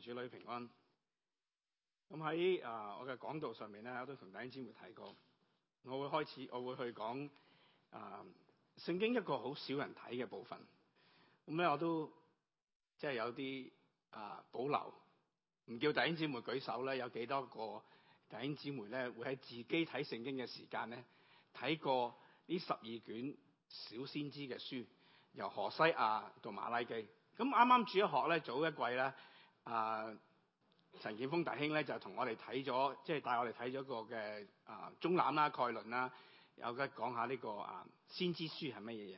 主女平安。咁喺啊，我嘅講道上面咧，我都同弟兄姊妹睇過。我會開始，我會去講啊、呃，聖經一個好少人睇嘅部分。咁咧，我都即係有啲啊、呃、保留，唔叫弟兄姊妹舉手咧。有幾多個弟兄姊妹咧，會喺自己睇聖經嘅時間咧，睇過呢十二卷小先知嘅書，由河西亞到馬拉基？咁啱啱住一學咧，早一季啦。啊，陳建峰弟兄咧就同、是、我哋睇咗，即、就、係、是、帶我哋睇咗個嘅啊，中覽啦、概論啦，有得講下呢個啊先知書係乜嘢？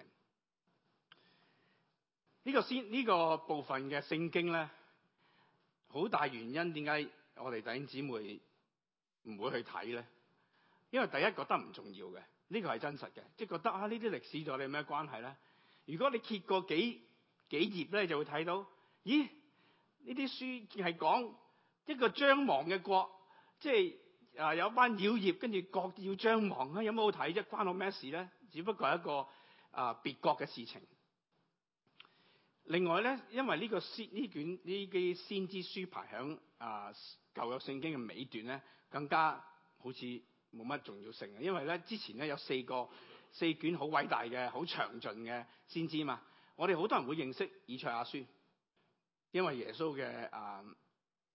呢、這個先呢、這個部分嘅聖經咧，好大原因點解我哋弟兄姊妹唔會去睇咧？因為第一覺得唔重要嘅，呢、這個係真實嘅，即、就、係、是、覺得啊，呢啲歷史對你有咩關係咧？如果你揭過幾幾頁咧，就會睇到，咦？呢啲書係講一個將亡嘅國，即係啊有一班妖孽跟住國要將亡啊，有冇好睇啫？關我咩事咧？只不過係一個啊、呃、別國嘅事情。另外咧，因為呢、呢個先呢卷呢啲先知書排喺啊舊約聖經嘅尾段咧，更加好似冇乜重要性。因為咧之前咧有四個四卷好偉大嘅、好詳盡嘅先知嘛，我哋好多人會認識以賽亞書。因為耶穌嘅啊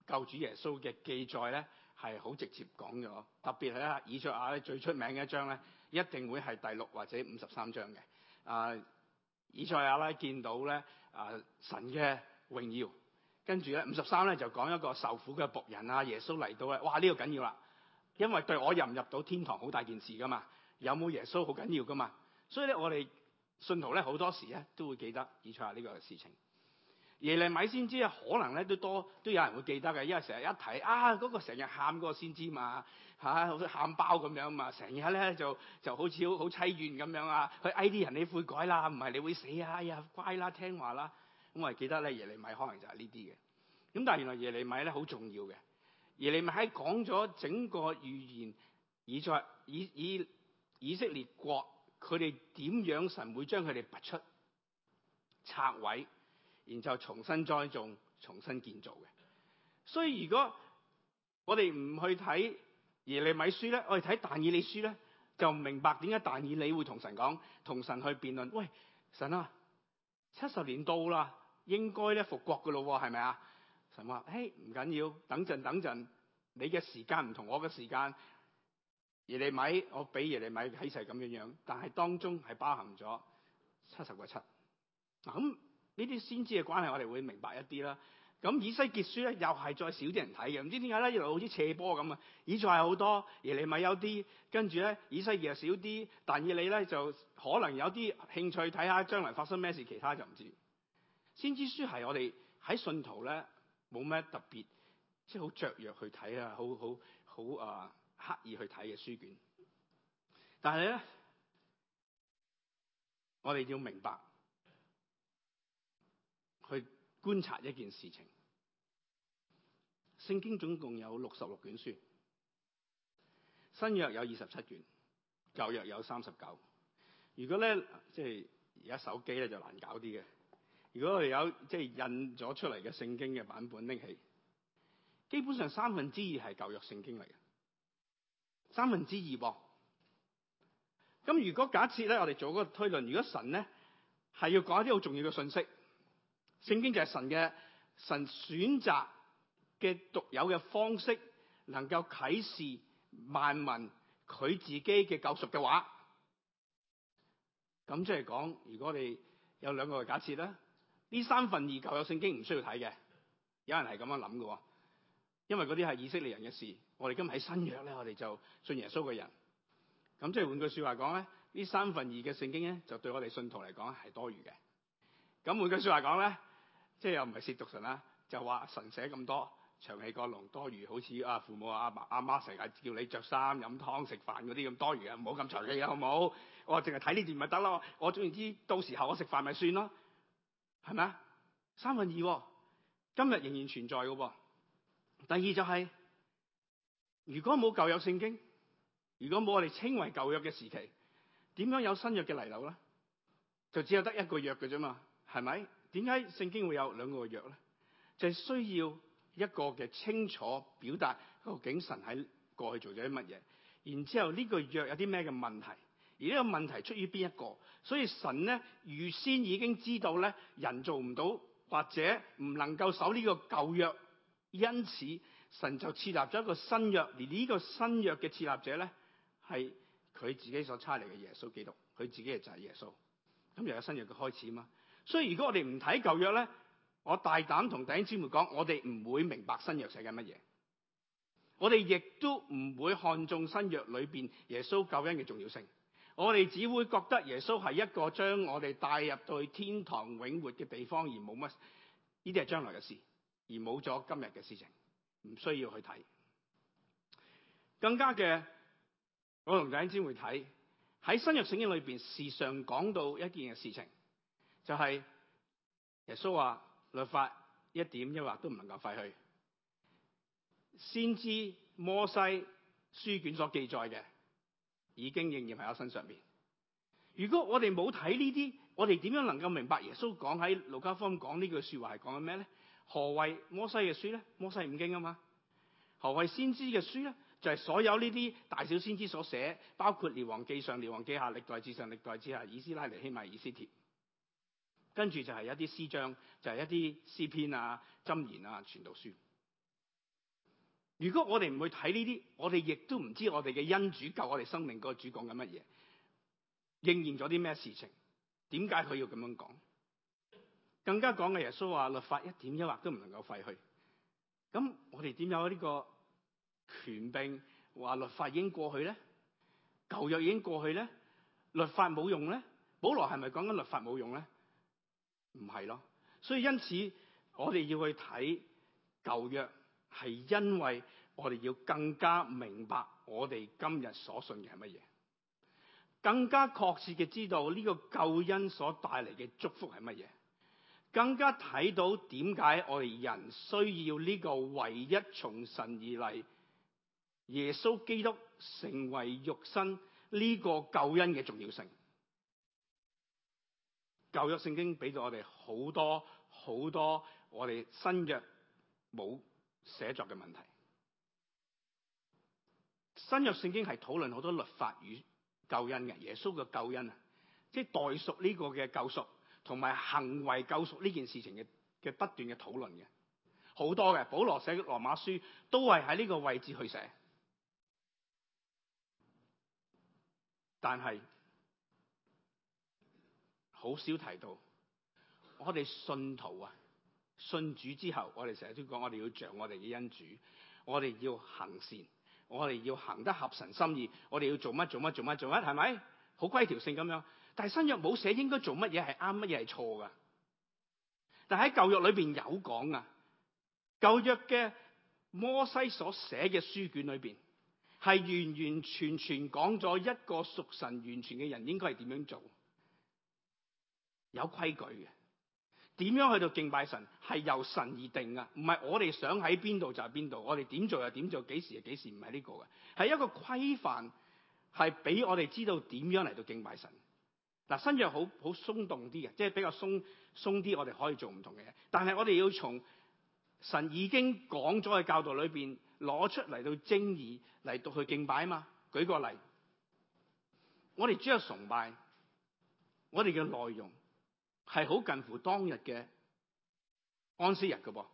救主耶穌嘅記載咧係好直接講咗，特別係咧以賽亞咧最出名嘅一章咧，一定會係第六或者五十三章嘅。啊，以賽亞咧見到咧啊神嘅榮耀，跟住咧五十三咧就講一個受苦嘅僕人啊，耶穌嚟到咧，哇，呢個緊要啦，因為對我入唔入到天堂好大件事噶嘛，有冇耶穌好緊要噶嘛，所以咧我哋信徒咧好多時咧都會記得以賽亞呢個事情。耶利米先知啊，可能咧都多都有人會記得嘅，因為成日一睇啊、嗰個成日喊個先知嘛吓好似喊包咁樣嘛，成日咧就就好似好好凄怨咁樣啊，佢嗌啲人你悔改啦，唔係你會死啊！哎、啊、呀，乖啦，聽話啦。咁、嗯、我係記得咧耶利米可能就係呢啲嘅。咁但係原來耶利米咧好重要嘅，耶利米喺講咗整個預言以，以在以以以色列國佢哋點樣神會將佢哋拔出拆毀。然之後重新栽種、重新建造嘅。所以如果我哋唔去睇耶利米書咧，我哋睇但以理書咧，就唔明白點解但以理會同神講、同神去辯論。喂，神啊，七十年到啦，應該咧復國嘅咯，係咪啊？神話，嘿，唔緊要，等陣等陣，你嘅時間唔同我嘅時間。耶利米，我俾耶利米喺齊咁樣樣，但係當中係包含咗七十個七。咁、嗯。呢啲先知嘅關係，我哋會明白一啲啦。咁以西結書咧，又係再少啲人睇嘅，唔知點解咧，又好似斜波咁啊！以賽亞好多，耶利米有啲，跟住咧，以西結又少啲，但以理咧就可能有啲興趣睇下將來發生咩事，其他就唔知。先知書係我哋喺信徒咧，冇咩特別，即係好雀躍去睇啊，好好好啊，uh, 刻意去睇嘅書卷。但係咧，我哋要明白。觀察一件事情，聖經總共有六十六卷書，新約有二十七卷，舊約有三十九。如果咧即係而家手機咧就難搞啲嘅。如果我哋有即係印咗出嚟嘅聖經嘅版本拎，起基本上三分之二係舊約聖經嚟嘅，三分之二噃、啊。咁如果假設咧，我哋做個推論，如果神咧係要講一啲好重要嘅信息。聖經就係神嘅神選擇嘅獨有嘅方式，能夠啟示萬民佢自己嘅救贖嘅話。咁即係講，如果我哋有兩個嘅假設啦，呢三分二舊約聖經唔需要睇嘅，有人係咁樣諗嘅，因為嗰啲係以色列人嘅事。我哋今日喺新約咧，我哋就信耶穌嘅人。咁即係換句説話講咧，這三分呢三分二嘅聖經咧，就對我哋信徒嚟講係多餘嘅。咁換句説話講咧。即係又唔係褻瀆神啦、啊，就話神寫咁多長氣過龍，多餘，好似啊父母啊阿阿媽成日叫你着衫飲湯食飯嗰啲咁多餘，唔好咁長氣嘅好冇好。我淨係睇呢段咪得咯，我總言之，到時候我食飯咪算咯，係咪啊？三分二、哦，今日仍然存在嘅喎、哦。第二就係、是，如果冇舊有，有聖經，如果冇我哋稱為舊約嘅時期，點樣有新約嘅嚟樓咧？就只有得一個約嘅啫嘛，係咪？點解聖經會有兩個約咧？就係、是、需要一個嘅清楚表達，究竟神喺過去做咗啲乜嘢，然之後呢個約有啲咩嘅問題，而呢個問題出於邊一個？所以神咧預先已經知道咧，人做唔到或者唔能夠守呢個舊約，因此神就設立咗一個新約，而呢個新約嘅設立者咧係佢自己所差嚟嘅耶穌基督，佢自己就係耶穌。咁又有新約嘅開始嘛？所以如果我哋唔睇舊約咧，我大膽同弟兄姊妹講，我哋唔會明白新約寫緊乜嘢。我哋亦都唔會看重新約裏邊耶穌救恩嘅重要性。我哋只會覺得耶穌係一個將我哋帶入到天堂永活嘅地方，而冇乜呢啲係將來嘅事，而冇咗今日嘅事情唔需要去睇。更加嘅，我同弟兄姊妹睇喺新約聖經裏邊，時常講到一件嘅事情。就係、是、耶穌話：律法一點一劃都唔能夠廢去。先知摩西書卷所記載嘅，已經應驗喺我身上面。如果我哋冇睇呢啲，我哋點樣能夠明白耶穌講喺路加福音講呢句説話係講緊咩咧？何為摩西嘅書咧？摩西五經啊嘛。何為先知嘅書咧？就係、是、所有呢啲大小先知所寫，包括《列王記上》《列王記下》《歷代志上》《歷代志下》《以斯拉》《尼希米》《以斯帖》。跟住就係一啲詩章，就係、是、一啲詩篇啊、箴言啊、傳道書。如果我哋唔去睇呢啲，我哋亦都唔知道我哋嘅恩主救我哋生命嗰個主講緊乜嘢，應驗咗啲咩事情？點解佢要咁樣講？更加講嘅耶穌話律法一點一劃都唔能夠廢去。咁我哋點有呢個權柄話律法已經過去咧？舊約已經過去咧？律法冇用咧？保羅係咪講緊律法冇用咧？唔係咯，所以因此我哋要去睇舊約，係因為我哋要更加明白我哋今日所信嘅係乜嘢，更加確切嘅知道呢個救恩所帶嚟嘅祝福係乜嘢，更加睇到點解我哋人需要呢個唯一從神而嚟耶穌基督成為肉身呢個救恩嘅重要性。舊約聖經俾咗我哋好多好多我哋新約冇寫作嘅問題。新約聖經係討論好多律法與救恩嘅，耶穌嘅救恩啊，即係代贖呢個嘅救贖，同埋行為救贖呢件事情嘅嘅不斷嘅討論嘅，好多嘅。保羅寫嘅羅馬書都係喺呢個位置去寫，但係。好少提到，我哋信徒啊，信主之後，我哋成日都講，我哋要像我哋嘅恩主，我哋要行善，我哋要行得合神心意，我哋要做乜做乜做乜做乜，係咪？好規條性咁樣。但係新約冇寫應該做乜嘢係啱，乜嘢係錯噶。但係喺舊約裏邊有講啊，舊約嘅摩西所寫嘅書卷裏邊，係完完全全講咗一個屬神完全嘅人應該係點樣做。有規矩嘅，點樣去到敬拜神係由神而定噶唔係我哋想喺邊度就係邊度，我哋點做就點做，幾時就幾時不是這，唔係呢個嘅，係一個規範，係俾我哋知道點樣嚟到敬拜神。嗱、啊，新約好好鬆動啲嘅，即係比較鬆鬆啲，一我哋可以做唔同嘅嘢。但係我哋要從神已經講咗嘅教導裏邊攞出嚟到精義嚟到去敬拜啊嘛。舉個例子，我哋只有崇拜，我哋嘅內容。係好近乎當日嘅安息日嘅噃。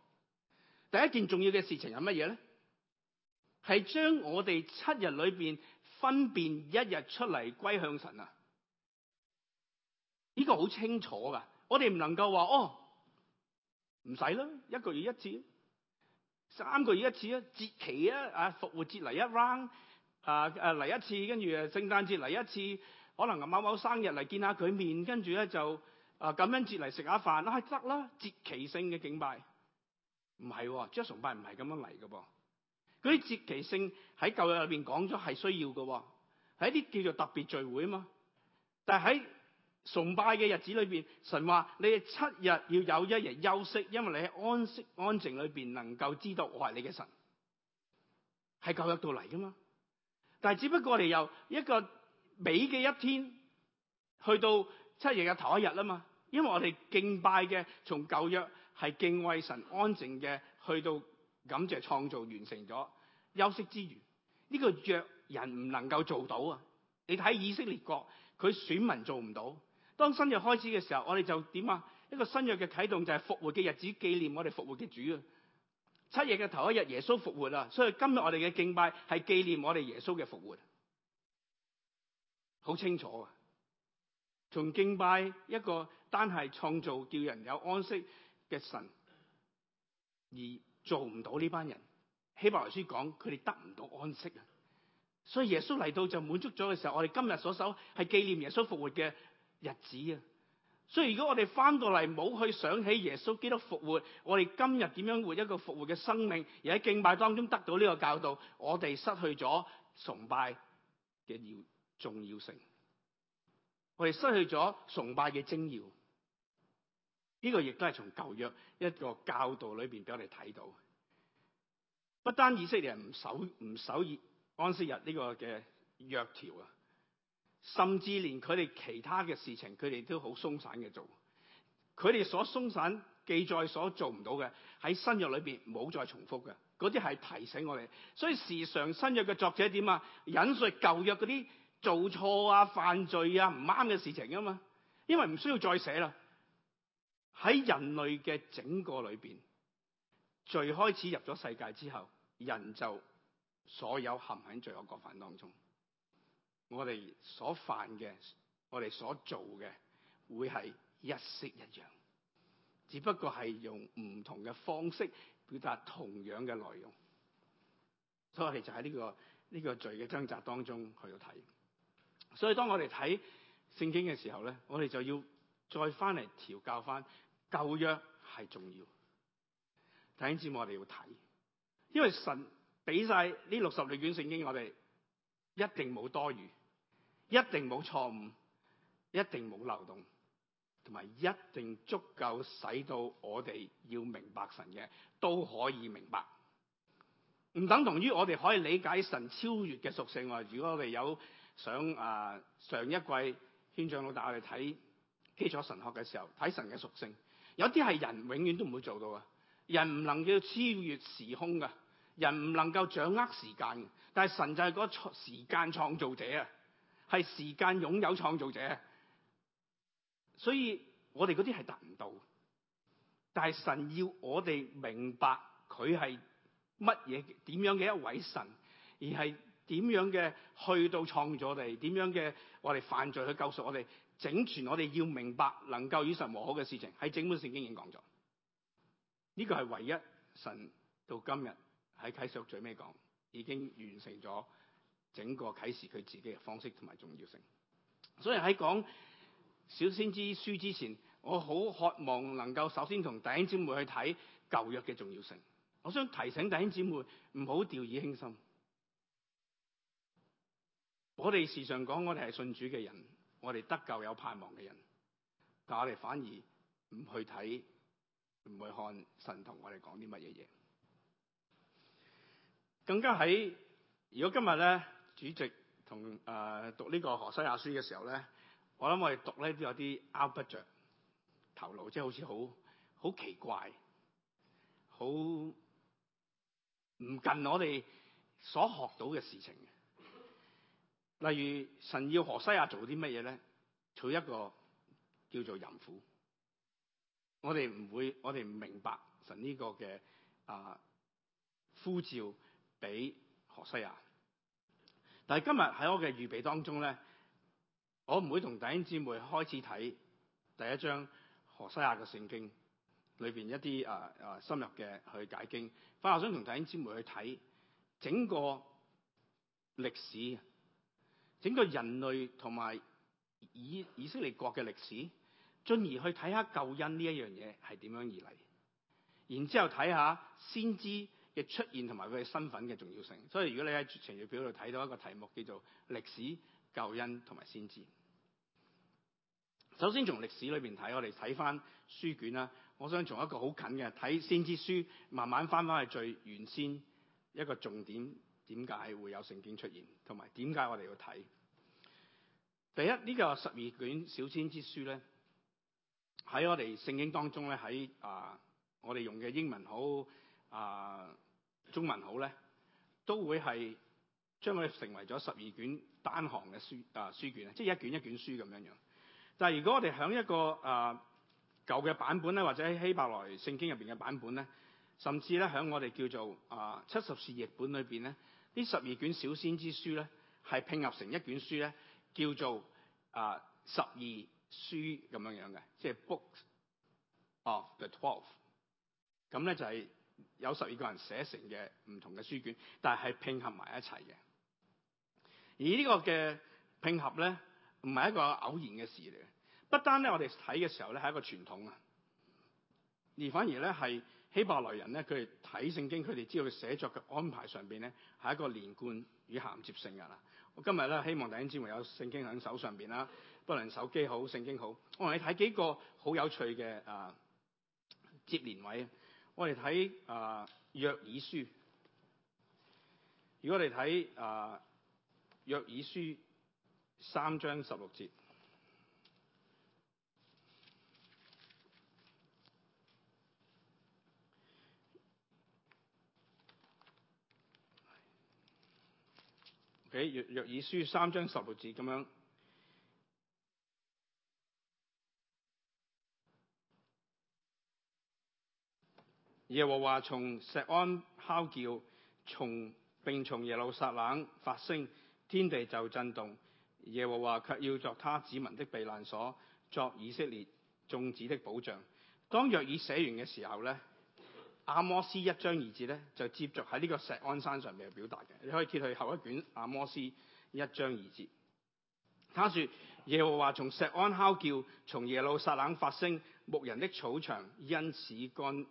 第一件重要嘅事情係乜嘢咧？係將我哋七日裏邊分辨一日出嚟歸向神啊！呢個好清楚㗎。我哋唔能夠話哦，唔使啦，一個月一次，三個月一次啊，節期啊，啊復活節嚟一 round，啊啊嚟一次，跟住啊聖誕節嚟一次，可能阿某某生日嚟見下佢面，跟住咧就。啊！咁樣節嚟食下飯，啊得啦，節期性嘅敬拜唔係，即、啊、崇拜唔係咁樣嚟嘅噃。嗰啲節期性喺舊約裏面講咗係需要嘅喎，喺一啲叫做特別聚會啊嘛。但喺崇拜嘅日子裏面，神話你七日要有一日休息，因為你喺安息安靜裏面能夠知道我係你嘅神，係舊約度嚟噶嘛。但係只不過你由一個美嘅一天，去到七日嘅頭一日啦嘛。因為我哋敬拜嘅從舊約係敬畏神安靜嘅，去到感謝創造完成咗休息之餘，呢個約人唔能夠做到啊！你睇以色列國，佢選民做唔到。當新約開始嘅時候，我哋就點啊？一個新約嘅啟動就係復活嘅日子，紀念我哋復活嘅主啊！七日嘅頭一日耶穌復活啊。所以今日我哋嘅敬拜係紀念我哋耶穌嘅復活，好清楚啊！從敬拜一個。單係創造叫人有安息嘅神，而做唔到呢班人。希伯來書講佢哋得唔到安息啊！所以耶穌嚟到就滿足咗嘅時候，我哋今日所守係紀念耶穌復活嘅日子啊！所以如果我哋翻到嚟冇去想起耶穌基督復活，我哋今日點樣活一個復活嘅生命，而喺敬拜當中得到呢個教導，我哋失去咗崇拜嘅要重要性，我哋失去咗崇拜嘅精要。呢個亦都係從舊約一個教導裏邊俾我哋睇到，不單以色列人唔守唔守以安息日呢個嘅約條啊，甚至連佢哋其他嘅事情，佢哋都好鬆散嘅做，佢哋所鬆散記載所做唔到嘅，喺新約裏邊冇再重複嘅，嗰啲係提醒我哋。所以時常新約嘅作者點啊？引述舊約嗰啲做錯啊、犯罪啊、唔啱嘅事情啊嘛，因為唔需要再寫啦。喺人類嘅整個裏邊，罪開始入咗世界之後，人就所有陷喺罪惡過犯當中。我哋所犯嘅，我哋所做嘅，會係一式一樣，只不過係用唔同嘅方式表達同樣嘅內容。所以我哋就喺呢個呢個罪嘅掙扎當中去到睇。所以當我哋睇聖經嘅時候咧，我哋就要再翻嚟調教翻。舊約係重要，但係節目我哋要睇，因為神俾晒呢六十六卷聖經，我哋一定冇多餘，一定冇錯誤，一定冇漏洞，同埋一定足夠，使到我哋要明白神嘅，都可以明白，唔等同於我哋可以理解神超越嘅屬性。如果我哋有想啊，上一季圈長老帶我哋睇基礎神學嘅時候，睇神嘅屬性。有啲係人永遠都唔會做到啊！人唔能夠超越時空嘅，人唔能夠掌握時間嘅。但係神就係個創時間創造者啊，係時間擁有創造者。所以我哋嗰啲係達唔到，但係神要我哋明白佢係乜嘢，點樣嘅一位神，而係。點樣嘅去到創造我哋？點樣嘅我哋犯罪去救贖我哋？整全我哋要明白能夠與神和好嘅事情，喺整本聖經已經講咗。呢、這個係唯一神到今日喺啟示錄最尾講，已經完成咗整個啟示佢自己嘅方式同埋重要性。所以喺講小先知書之前，我好渴望能夠首先同弟兄姊妹去睇舊約嘅重要性。我想提醒弟兄姊妹唔好掉以輕心。我哋時常講，我哋係信主嘅人，我哋得救有盼望嘅人，但我哋反而唔去睇、唔去看，會看神同我哋講啲乜嘢嘢。更加喺如果今日咧，主席同誒、呃、讀、讀呢個《何西阿書》嘅時候咧，我諗我哋讀咧都有啲拗不着頭腦，即、就、係、是、好似好好奇怪，好唔近我哋所學到嘅事情。例如神要何西阿做啲乜嘢咧？取一個叫做淫婦，我哋唔會，我哋唔明白神呢個嘅啊呼召俾何西阿。但係今日喺我嘅預備當中咧，我唔會同弟兄姊妹開始睇第一章何西阿嘅聖經裏邊一啲啊啊深入嘅去解經。反而我想同弟兄姊妹去睇整個歷史。整個人類同埋以以色列國嘅歷史，進而去睇下救恩呢一樣嘢係點樣而嚟，然之後睇下先知嘅出現同埋佢嘅身份嘅重要性。所以如果你喺程序表度睇到一個題目叫做歷史、救恩同埋先知，首先從歷史裏面睇，我哋睇翻書卷啦。我想從一個好近嘅睇先知書，慢慢翻返去最原先一個重點。點解會有聖經出現？同埋點解我哋要睇？第一呢、呢個十二卷小先知書咧，喺我哋聖經當中咧，喺啊、呃、我哋用嘅英文好啊、呃、中文好咧，都會係將佢成為咗十二卷單行嘅書啊、呃、書卷，即係一卷一卷書咁樣樣。但係如果我哋喺一個啊舊嘅版本咧，或者喺希伯來聖經入邊嘅版本咧，甚至咧喺我哋叫做啊、呃、七十士譯本裏邊咧，呢十二卷小先知書咧，係拼合成一卷書咧，叫做啊、呃、十二書咁樣樣嘅，即係 Book of the Twelve。咁咧就係、是、有十二個人寫成嘅唔同嘅書卷，但係拼合埋一齊嘅。而呢個嘅拼合咧，唔係一個偶然嘅事嚟嘅。不單咧，我哋睇嘅時候咧係一個傳統啊，而反而咧係。希伯來人咧，佢哋睇聖經，佢哋知道佢寫作嘅安排上邊咧，係一個連貫與銜接性㗎啦。我今日咧希望弟兄姊妹有聖經喺手上邊啦，不論手機好聖經好，我哋睇幾個好有趣嘅啊接連位。我哋睇啊約珥書，如果我哋睇啊約珥書三章十六節。約、okay. 約珥書三章十六字，咁樣，耶和華從錫安吼叫，從並從耶路撒冷發聲，天地就震動。耶和華卻要作他子民的避難所，作以色列眾子的保障。當約珥寫完嘅時候呢？阿摩斯一章二節咧，就接續喺呢個石安山上面去表達嘅。你可以揭去後一卷阿摩斯一章二節。他説：耶和華從石安敲叫，從耶路撒冷發聲，牧人的草場因此乾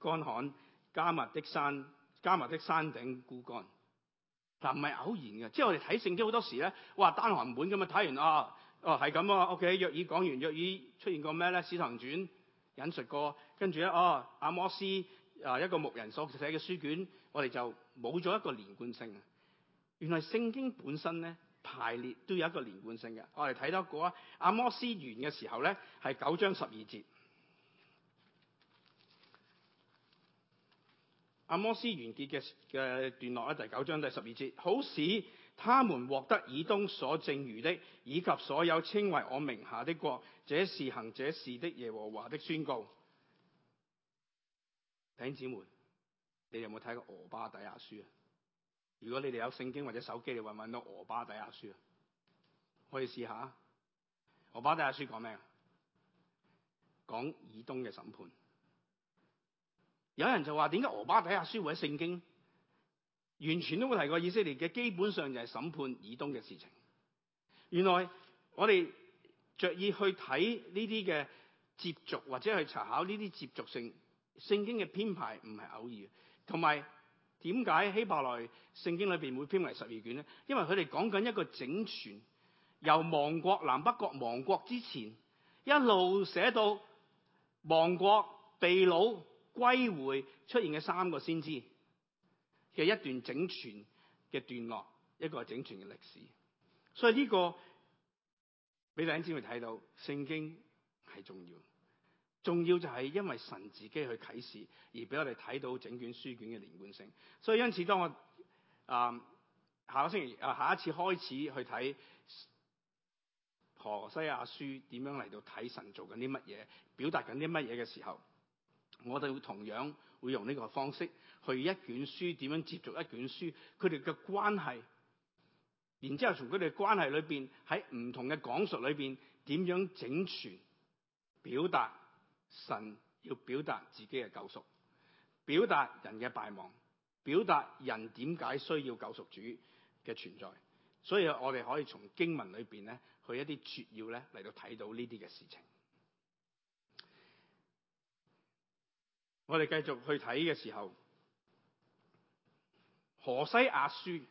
乾旱，加密的山加密的山頂枯乾。但唔係偶然嘅，即係我哋睇聖經好多時咧，哇單寒本咁啊！睇完啊哦，係咁啊，OK。約耳講完，約耳出現個咩咧？史堂傳。引述過，跟住咧，哦、啊，阿摩斯、啊、一個牧人所寫嘅書卷，我哋就冇咗一個連貫性。原來聖經本身咧排列都有一個連貫性嘅。我哋睇得過阿摩斯完嘅時候咧，係九章十二節。阿、啊、摩斯完結嘅嘅段落咧，第九章第十二節，好似。他們獲得以東所剩餘的，以及所有稱為我名下的國，這是行這事的耶和華的宣告。弟兄姊妹，你哋有冇睇過俄巴底亞書啊？如果你哋有聖經或者手機，你搵搵到俄巴底亞書啊，可以試下。俄巴底亞書講咩啊？講以東嘅審判。有人就話：點解俄巴底亞書會喺聖經？完全都冇提過以色列嘅，基本上就係審判以東嘅事情。原來我哋着意去睇呢啲嘅接續，或者去查考呢啲接續性聖經嘅編排唔係偶然。同埋點解希伯來聖經裏邊會編為十二卷呢？因為佢哋講緊一個整全，由亡國南北國亡國之前一路寫到亡國被擄歸回出現嘅三個先知嘅一段整全嘅段落，一個整全嘅歷史，所以呢，這個俾弟兄姊妹睇到聖經係重要，重要就係因為神自己去啟示而俾我哋睇到整卷書卷嘅連貫性。所以因此，當我啊下個星期啊下一次開始去睇何西阿書，點樣嚟到睇神做緊啲乜嘢，表達緊啲乜嘢嘅時候，我哋會同樣會用呢個方式。佢一卷書點樣接觸一卷書，佢哋嘅關係，然之後從佢哋關係裏邊，喺唔同嘅講述裏邊，點樣整全表達神要表達自己嘅救贖，表達人嘅敗亡，表達人點解需要救贖主嘅存在，所以我哋可以從經文裏邊咧，去一啲撮要咧嚟到睇到呢啲嘅事情。我哋繼續去睇嘅時候。何西阿書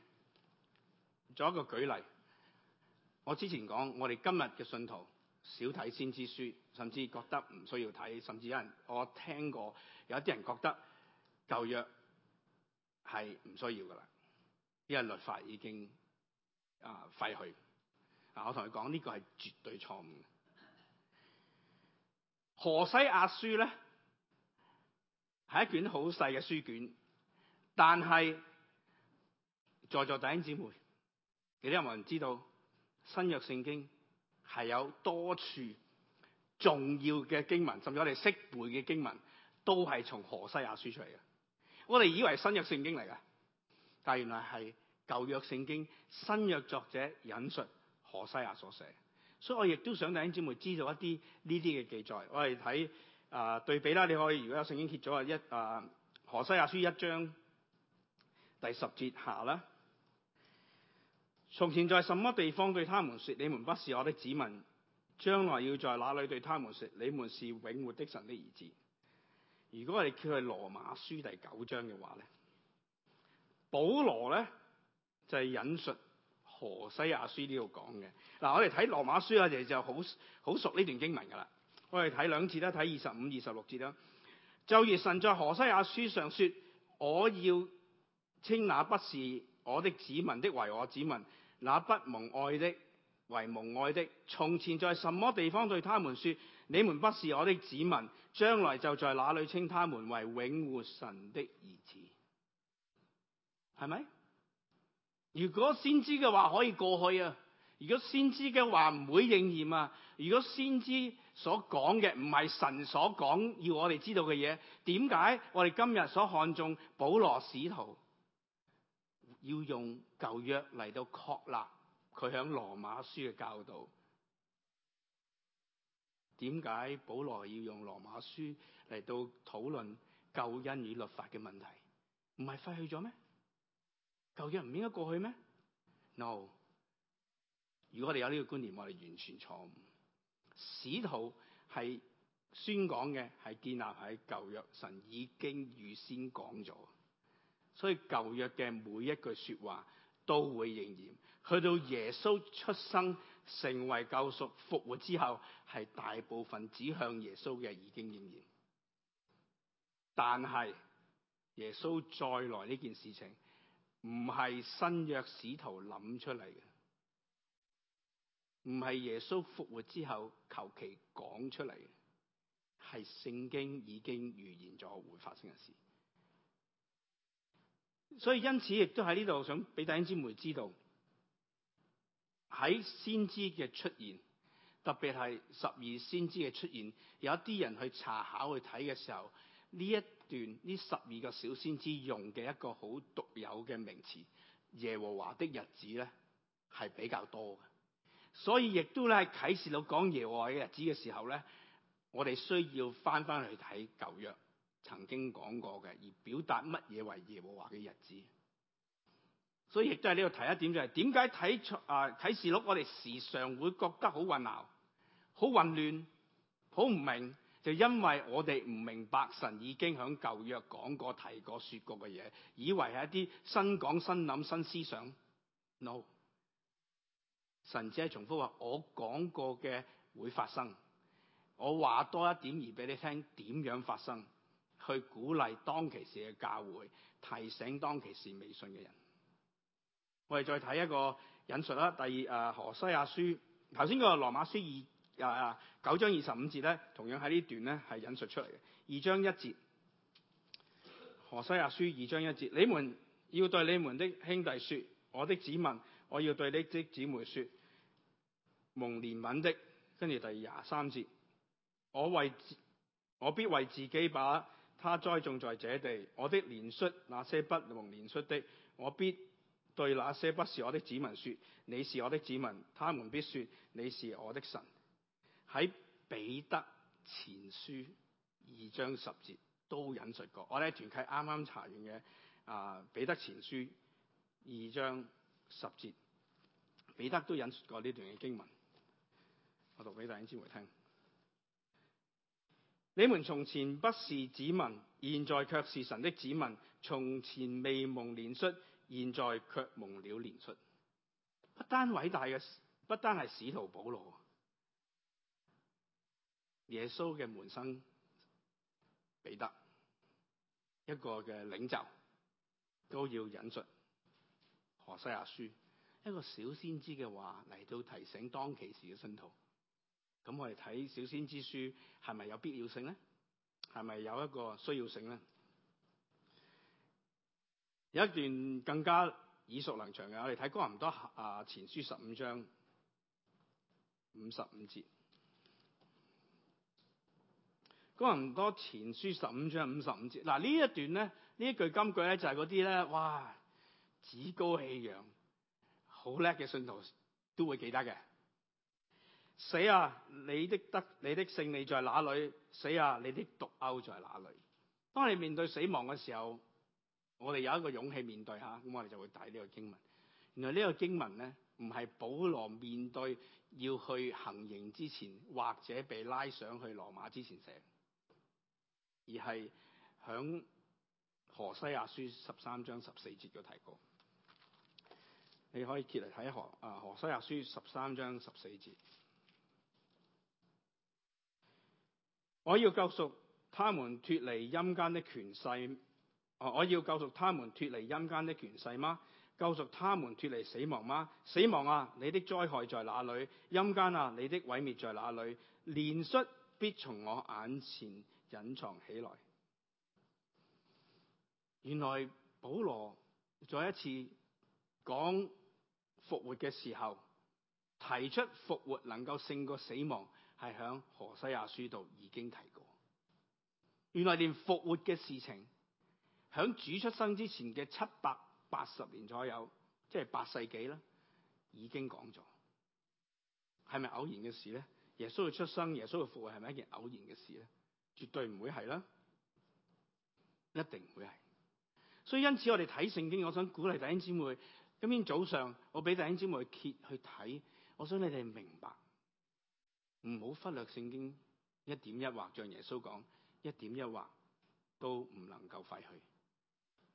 作一個舉例，我之前講，我哋今日嘅信徒少睇先知書，甚至覺得唔需要睇，甚至有人我聽過有啲人覺得舊約係唔需要噶啦，因為律法已經啊、呃、廢去。啊，我同你講呢個係絕對錯誤。何西阿書咧係一卷好細嘅書卷，但係，在座弟兄姊妹，你哋有冇人知道新約聖經係有多處重要嘅經文，甚至我哋識背嘅經文，都係從何西阿書出嚟嘅？我哋以為是新約聖經嚟㗎，但係原來係舊約聖經，新約作者引述何西阿所寫。所以我亦都想弟兄姊妹知道一啲呢啲嘅記載。我哋睇啊，對比啦，你可以如果有聖經揭咗一啊、呃，何西阿書一章第十節下啦。從前在什麼地方對他們說，你們不是我的子民，將來要在哪裏對他們說，你們是永活的神的兒子。如果我哋叫去羅馬書第九章嘅話咧，保羅咧就係、是、引述何西阿書呢度講嘅。嗱，我哋睇羅馬書，阿爺就好好熟呢段經文噶啦。我哋睇兩節啦，睇二十五、二十六節啦。就如神在何西阿書上說：我要稱那不是我的子民的為我子民。那不蒙愛的為蒙愛的，從前在什麼地方對他們說你們不是我的子民，將來就在那裏稱他們為永活神的兒子，係咪？如果先知嘅話可以過去啊，如果先知嘅話唔會應驗啊，如果先知所講嘅唔係神所講要我哋知道嘅嘢，點解我哋今日所看中保羅使徒？要用舊約嚟到確立佢喺羅馬書嘅教導，點解保羅要用羅馬書嚟到討論救恩與律法嘅問題？唔係廢去咗咩？舊約唔應該過去咩？No，如果我哋有呢個觀念，我哋完全錯誤。使徒係宣講嘅係建立喺舊約，神已經預先講咗。所以舊約嘅每一句説話都會應驗。去到耶穌出生成為救贖、復活之後，係大部分指向耶穌嘅已經應驗。但係耶穌再來呢件事情，唔係新約使徒諗出嚟嘅，唔係耶穌復活之後求其講出嚟嘅，係聖經已經預言咗會發生嘅事。所以因此亦都喺呢度想俾弟兄姊妹知道，喺先知嘅出現，特別係十二先知嘅出現，有一啲人去查考去睇嘅時候，呢一段呢十二個小先知用嘅一個好獨有嘅名詞耶和華的日子咧，係比較多嘅。所以亦都咧啟示到講耶和華嘅日子嘅時候咧，我哋需要返返去睇舊約。曾經講過嘅，而表達乜嘢為耶和華嘅日子，所以亦都係呢度提一點，就是，就係點解睇出啊睇示錄，我哋時常會覺得好混淆、好混亂、好唔明，就因為我哋唔明白神已經喺舊約講過、提過、説過嘅嘢，以為係一啲新講、新諗、新思想。No，神只係重複話我講過嘅會發生，我話多一點而俾你聽點樣發生。去鼓勵當其時嘅教會，提醒當其時未信嘅人。我哋再睇一個引述啦，第二誒、啊、何西阿書頭先個羅馬書二誒、啊、九章二十五節咧，同樣喺呢段咧係引述出嚟嘅二章一節。何西阿書二章一節，你們要對你們的兄弟說，我的子民，我要對你啲姊妹說，蒙憐憫的，跟住第二廿三節，我為我必為自己把。他栽種在這地，我的憐憫那些不蒙憐憫的，我必對那些不是我的子民說：你是我的子民，他們必說你是我的神。喺彼得前書二章十節都引述過，我喺團契啱啱查完嘅啊彼得前書二章十節，彼得都引述過呢段嘅經文，我讀俾大家知回聽。你們從前不是子民，現在卻是神的子民；從前未蒙憐恤，現在卻蒙了憐恤。不單偉大嘅，不單係使徒保羅，耶穌嘅門生彼得，一個嘅領袖，都要引述何西阿書一個小先知嘅話嚟到提醒當其時嘅信徒。咁我哋睇《小先知書》係咪有必要性咧？係咪有一個需要性咧？有一段更加耳熟能詳嘅，我哋睇《哥林多》啊前書十五章五十五節，《哥林多》前書十五章五十五節。嗱呢一段咧，呢一句金句咧，就係嗰啲咧，哇！趾高氣揚，好叻嘅信徒都會記得嘅。死啊！你的得、你的勝利在哪裏？死啊！你的毒鈎在哪裏？當你面對死亡嘅時候，我哋有一個勇氣面對吓，咁我哋就會睇呢個經文。原來呢個經文呢，唔係保羅面對要去行刑之前或者被拉上去羅馬之前寫，而係響何西阿書十三章十四節嘅提過。你可以揭嚟睇何啊？何西阿書十三章十四節。我要救贖他們脱離陰間的權勢，哦，我要救贖他們脱離陰間的權勢嗎？救贖他們脱離死亡嗎？死亡啊，你的災害在哪裏？陰間啊，你的毀滅在哪裏？憐憫必從我眼前隱藏起來。原來保羅再一次講復活嘅時候，提出復活能夠勝過死亡。係喺何西阿書度已經提過，原來連復活嘅事情，響主出生之前嘅七百八十年左右，即係八世紀啦，已經講咗。係咪偶然嘅事咧？耶穌嘅出生，耶穌嘅復活係咪一件偶然嘅事咧？絕對唔會係啦，一定唔會係。所以因此我哋睇聖經，我想鼓勵弟兄姊妹，今天早上我俾弟兄姊妹去揭去睇，我想你哋明白。唔好忽略聖經一點一畫，像耶穌講，一點一畫都唔能夠廢去，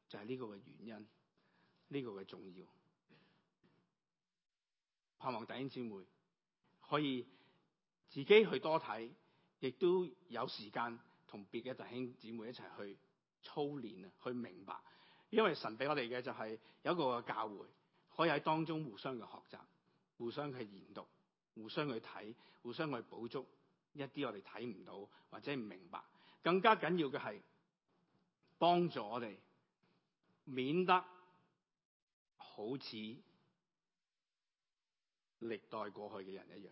就係呢個嘅原因，呢個嘅重要。盼望弟兄姊妹可以自己去多睇，亦都有時間同別嘅弟兄姊妹一齊去操練啊，去明白。因為神俾我哋嘅就係有一個教會，可以喺當中互相嘅學習，互相去研讀。互相去睇，互相去補足一啲我哋睇唔到或者唔明白。更加緊要嘅係幫助我哋，免得好似歷代過去嘅人一樣。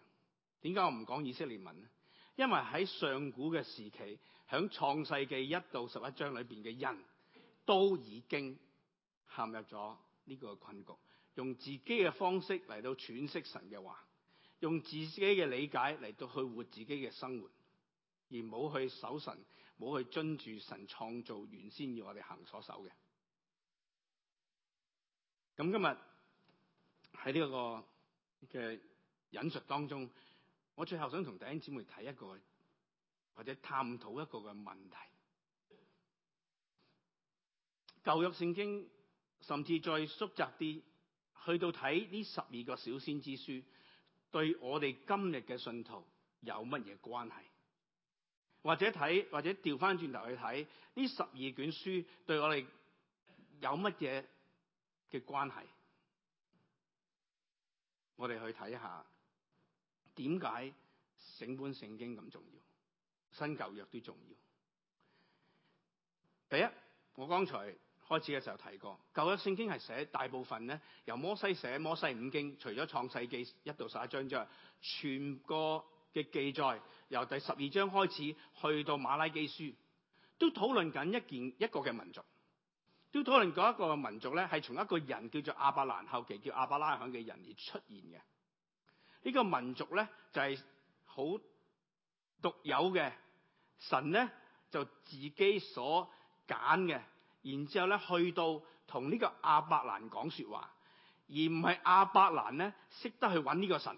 點解我唔講以色列文呢？因為喺上古嘅時期，喺創世紀一到十一章裏面嘅人都已經陷入咗呢個困局，用自己嘅方式嚟到詮釋神嘅話。用自己嘅理解嚟到去活自己嘅生活，而冇去守神，冇去遵住神創造原先要我哋行所守嘅。咁今日喺呢個嘅引述當中，我最後想同弟兄姊妹睇一個或者探討一個嘅問題。舊約聖經甚至再縮窄啲，去到睇呢十二個小先知書，對我哋今日嘅信徒有乜嘢關係？或者睇，或者調翻轉頭去睇呢十二卷書對我哋有乜嘢嘅關係？我哋去睇下點解整本聖經咁重要，新舊約都重要。第一，我剛才。開始嘅時候提過，舊約聖經係寫大部分咧由摩西寫摩西五經，除咗創世記一到十一章之外，全個嘅記載由第十二章開始去到馬拉基書，都討論緊一件一個嘅民族，都討論過一個民族咧係從一個人叫做亞伯蘭，後期叫亞伯拉罕嘅人而出現嘅。呢、這個民族咧就係、是、好獨有嘅，神咧就自己所揀嘅。然之後咧，去到同呢個亞伯蘭講説話，而唔係亞伯蘭咧識得去揾呢個神。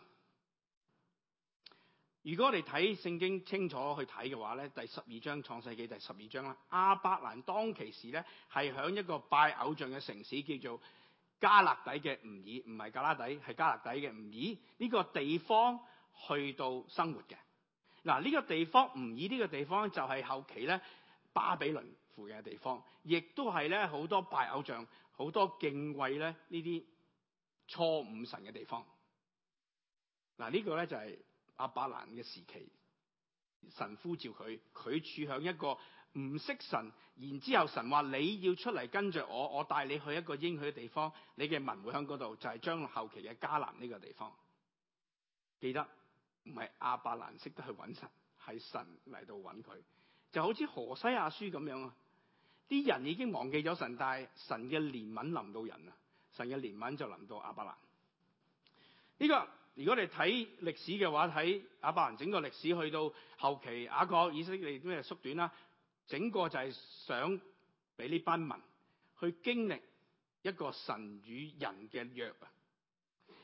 如果我哋睇聖經清楚去睇嘅話咧，第十二章創世紀第十二章啦，亞伯蘭當其時咧係喺一個拜偶像嘅城市叫做加勒底嘅吾爾，唔係加拉底，係加勒底嘅吾爾呢、這個地方去到生活嘅。嗱、這、呢個地方吾爾呢個地方就係後期咧巴比倫。附近嘅地方，亦都係咧好多拜偶像、好多敬畏咧呢啲錯誤神嘅地方。嗱、啊，這個、呢個咧就係、是、亞伯蘭嘅時期，神呼召佢，佢處向一個唔識神，然之後神話你要出嚟跟着我，我帶你去一個應許嘅地方，你嘅民會響嗰度，就係、是、將後期嘅迦南呢個地方。記得唔係亞伯蘭識得去揾神，係神嚟到揾佢，就好似何西阿書咁樣啊！啲人已經忘記咗神，但係神嘅憐憫臨到人啊！神嘅憐憫就臨到亞伯蘭。呢個如果你睇歷史嘅話，睇亞伯蘭整個歷史去到後期，啊個以色列咩縮短啦，整個就係想俾呢班民去經歷一個神與人嘅約啊！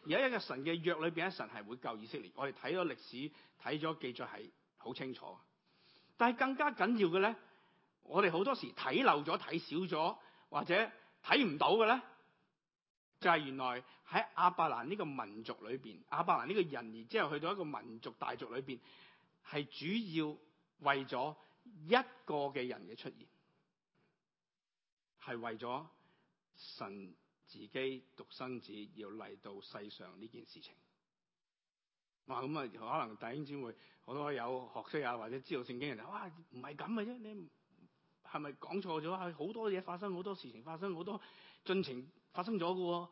而家一個神嘅約裏邊咧，神係會救以色列。我哋睇咗歷史，睇咗記載係好清楚。但係更加緊要嘅咧。我哋好多時睇漏咗、睇少咗，或者睇唔到嘅咧，就係原來喺亞伯蘭呢個民族裏邊，亞伯蘭呢個人而，而之後去到一個民族大族裏邊，係主要為咗一個嘅人嘅出現，係為咗神自己獨生子要嚟到世上呢件事情。哇！咁啊，可能大英姊妹好多有學識啊，或者知道聖經人哋哇！唔係咁嘅啫，你。係咪講錯咗啊？好多嘢發生，好多事情發生，好多進程發生咗嘅喎。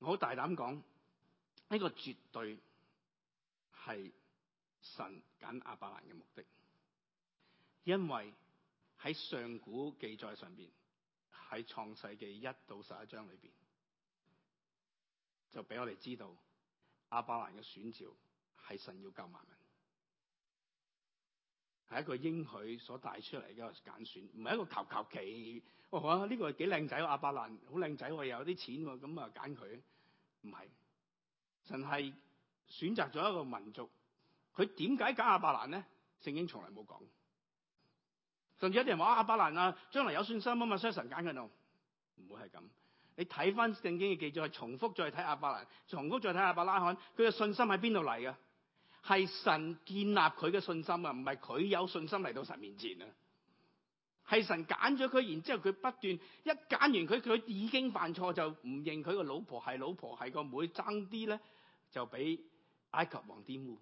我好大膽講，呢個絕對係神揀亞伯蘭嘅目的，因為喺上古記載上邊，喺創世記一到十一章裏邊，就俾我哋知道亞伯蘭嘅選召係神要救萬民。係一個應許所帶出嚟嘅揀選，唔係一個求求其。哇、哦！呢、這個幾靚仔，阿伯蘭好靚仔，又有啲錢喎，咁啊揀佢？唔係，神係選擇咗一個民族。佢點解揀阿伯蘭咧？聖經從來冇講。甚至有啲人話：阿伯蘭啊，將來有信心啊嘛，所以神揀佢度。唔會係咁。你睇翻聖經嘅記載，係重複再睇阿伯蘭，重複再睇阿伯拉罕，佢嘅信心喺邊度嚟㗎？係神建立佢嘅信心啊，唔係佢有信心嚟到神面前啊。係神揀咗佢，然之後佢不斷一揀完佢，佢已經犯錯就唔認佢個老婆係老婆是妹妹，係個妹爭啲咧就俾埃及王玷污。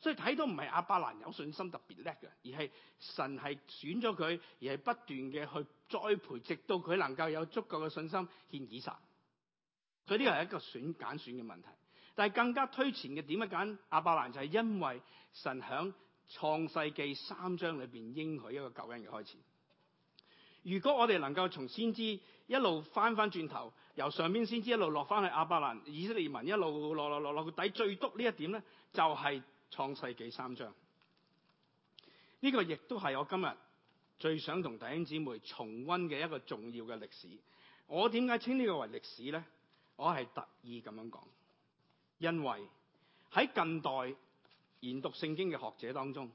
所以睇到唔係阿伯蘭有信心特別叻嘅，而係神係選咗佢，而係不斷嘅去栽培，直到佢能夠有足夠嘅信心獻以撒。所以呢個係一個選揀選嘅問題。但係更加推前嘅，點一緊亞伯蘭就係因為神響創世紀三章裏邊應許一個救恩嘅開始。如果我哋能夠從先知一路翻翻轉頭，由上邊先知一路落翻去亞伯蘭以色列民，一路落落落落底最篤呢一點咧，就係創世紀三章。呢個亦都係我今日最想同弟兄姊妹重溫嘅一個重要嘅歷史。我點解稱呢個為歷史咧？我係特意咁樣講。因為喺近代研讀聖經嘅學者當中，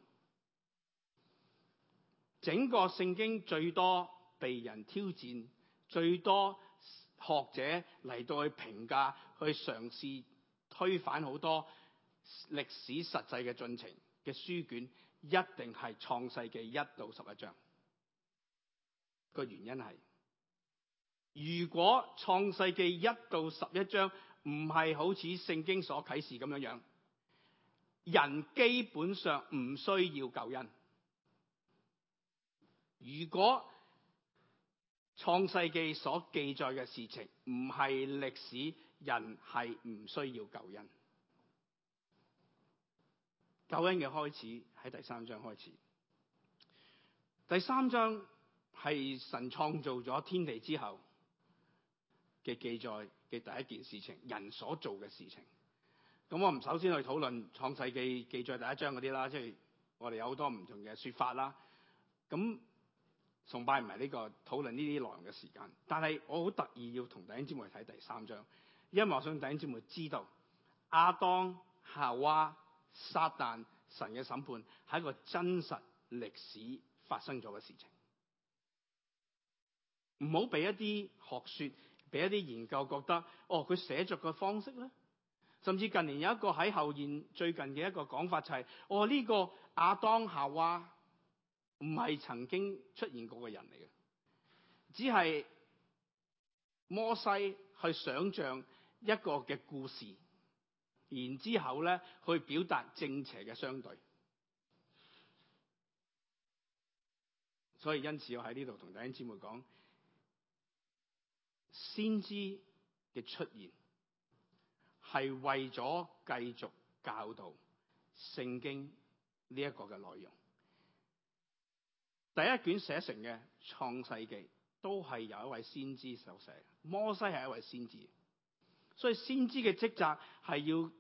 整個聖經最多被人挑戰，最多學者嚟到去評價，去嘗試推翻好多歷史實際嘅進程嘅書卷，一定係創世記一到十一章。個原因係，如果創世記一到十一章。唔係好似聖經所啟示咁樣樣，人基本上唔需要救恩。如果創世記所記載嘅事情唔係歷史，人係唔需要救恩。救恩嘅開始喺第三章開始。第三章係神創造咗天地之後嘅記載嘅第一件事情，人所做嘅事情。咁我唔首先去討論創世記記載第一章嗰啲啦，即係我哋有好多唔同嘅説法啦。咁崇拜唔係呢個討論呢啲內容嘅時間，但係我好特意要同弟兄姊妹睇第三章，因為我想弟兄姊妹知道亞當、夏娃、撒旦、神嘅審判係一個真實歷史發生咗嘅事情。唔好俾一啲學説。俾一啲研究覺得，哦，佢寫作嘅方式咧，甚至近年有一個喺後現最近嘅一個講法就係、是，哦，呢、這個亞當、夏娃唔係曾經出現過嘅人嚟嘅，只係摩西去想像一個嘅故事，然之後咧去表達正邪嘅相對。所以因此我喺呢度同弟兄姊妹講。先知嘅出現係為咗繼續教導聖經呢一個嘅內容。第一卷寫成嘅創世記都係由一位先知手寫，摩西係一位先知。所以先知嘅職責係要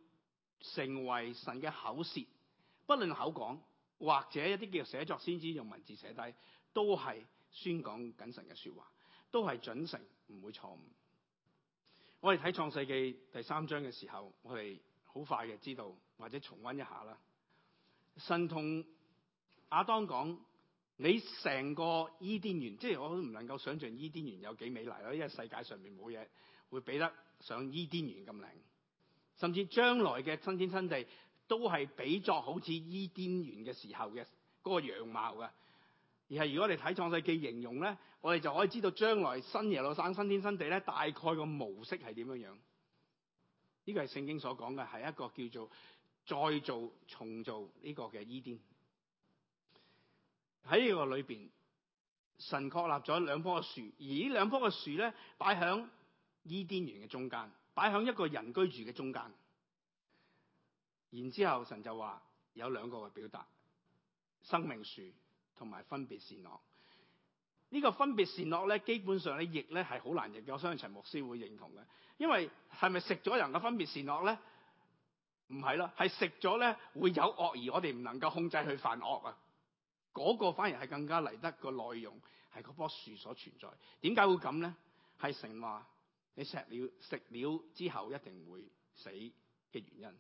成為神嘅口舌，不論口講或者一啲叫寫作先知用文字寫低，都係宣講緊神嘅說話，都係準成。唔會錯誤。我哋睇創世記第三章嘅時候，我哋好快嘅知道，或者重溫一下啦。神同亞當講：你成個伊甸園，即係我都唔能夠想像伊甸園有幾美麗啦！因為世界上面冇嘢會比得上伊甸園咁靚，甚至將來嘅新天新地都係比作好似伊甸園嘅時候嘅嗰個樣貌噶。而係如果你睇創世記形容咧，我哋就可以知道將來新耶路撒冷、新天新地咧，大概個模式係點樣樣。呢、這個係聖經所講嘅，係一個叫做再造、重造呢個嘅伊甸。喺呢個裏邊，神確立咗兩棵樹，而呢兩棵嘅樹咧，擺響伊甸園嘅中間，擺響一個人居住嘅中間。然之後神就話有兩個嘅表達：生命樹。同埋分別善惡，呢個分別善惡咧，基本上咧，你譯咧係好難譯嘅。我相信陳牧師會認同嘅，因為係咪食咗人嘅分別善惡咧？唔係啦，係食咗咧會有惡而我哋唔能夠控制去犯惡啊！嗰個反而係更加嚟得個內容係嗰棵樹所存在。點解會咁咧？係成話你食了食了之後一定會死嘅原因，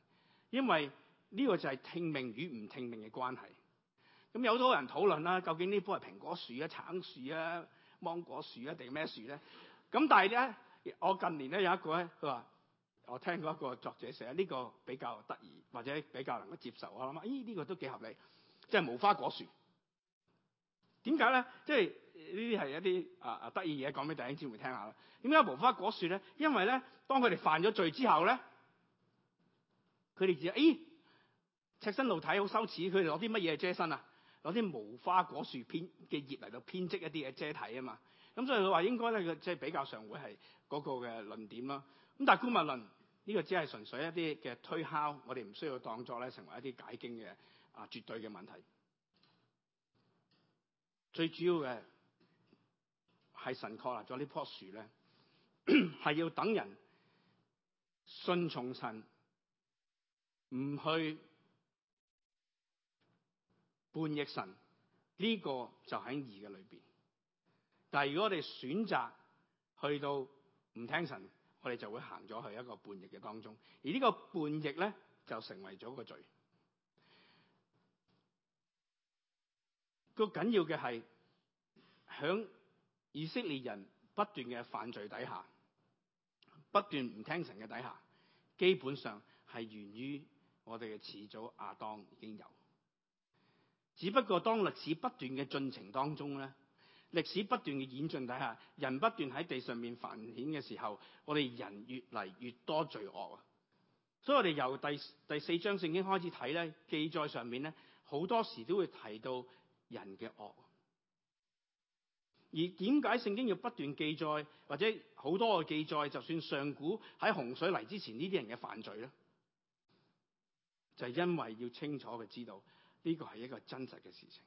因為呢個就係聽命與唔聽命嘅關係。咁有好多人討論啦，啊，究竟呢棵係蘋果樹、啊、橙樹啊、芒果樹啊定咩樹咧？咁但係咧，我近年咧有一個咧，佢話我聽過一個作者寫呢、呢個比較得意，或者比較能夠接受。我諗啊，咦、哎？呢、呢個都幾合理，即、就、係、是、無花果樹。點解咧？即係呢啲係一啲啊啊得意嘢，講俾弟兄姐妹會聽下啦。點解無花果樹咧？因為咧，當佢哋犯咗罪之後咧，佢哋就咦赤身露體好羞恥，佢哋攞啲乜嘢遮身啊？攞啲無花果樹編嘅葉嚟到編織一啲嘅遮體啊嘛，咁所以佢話應該咧，佢即係比較常會係嗰個嘅論點啦。咁但係《古物論》呢個只係純粹一啲嘅推敲，我哋唔需要當作咧成為一啲解經嘅啊絕對嘅問題。最主要嘅係神確立咗呢樖樹咧，係要等人信從神，唔去叛逆神呢、這個就喺二嘅裏邊，但係如果我哋選擇去到唔聽神，我哋就會行咗去一個叛逆嘅當中，而這個呢個叛逆咧就成為咗個罪。個緊要嘅係響以色列人不斷嘅犯罪底下，不斷唔聽神嘅底下，基本上係源於我哋嘅始祖亞當已經有。只不過當歷史不斷嘅進程當中咧，歷史不斷嘅演進底下，人不斷喺地上面繁衍嘅時候，我哋人越嚟越多罪惡啊！所以我哋由第第四章聖經開始睇咧，記載上面咧好多時都會提到人嘅惡。而點解聖經要不斷記載或者好多嘅記載，就算上古喺洪水嚟之前呢啲人嘅犯罪呢就係、是，因為要清楚佢知道。呢個係一個真實嘅事情，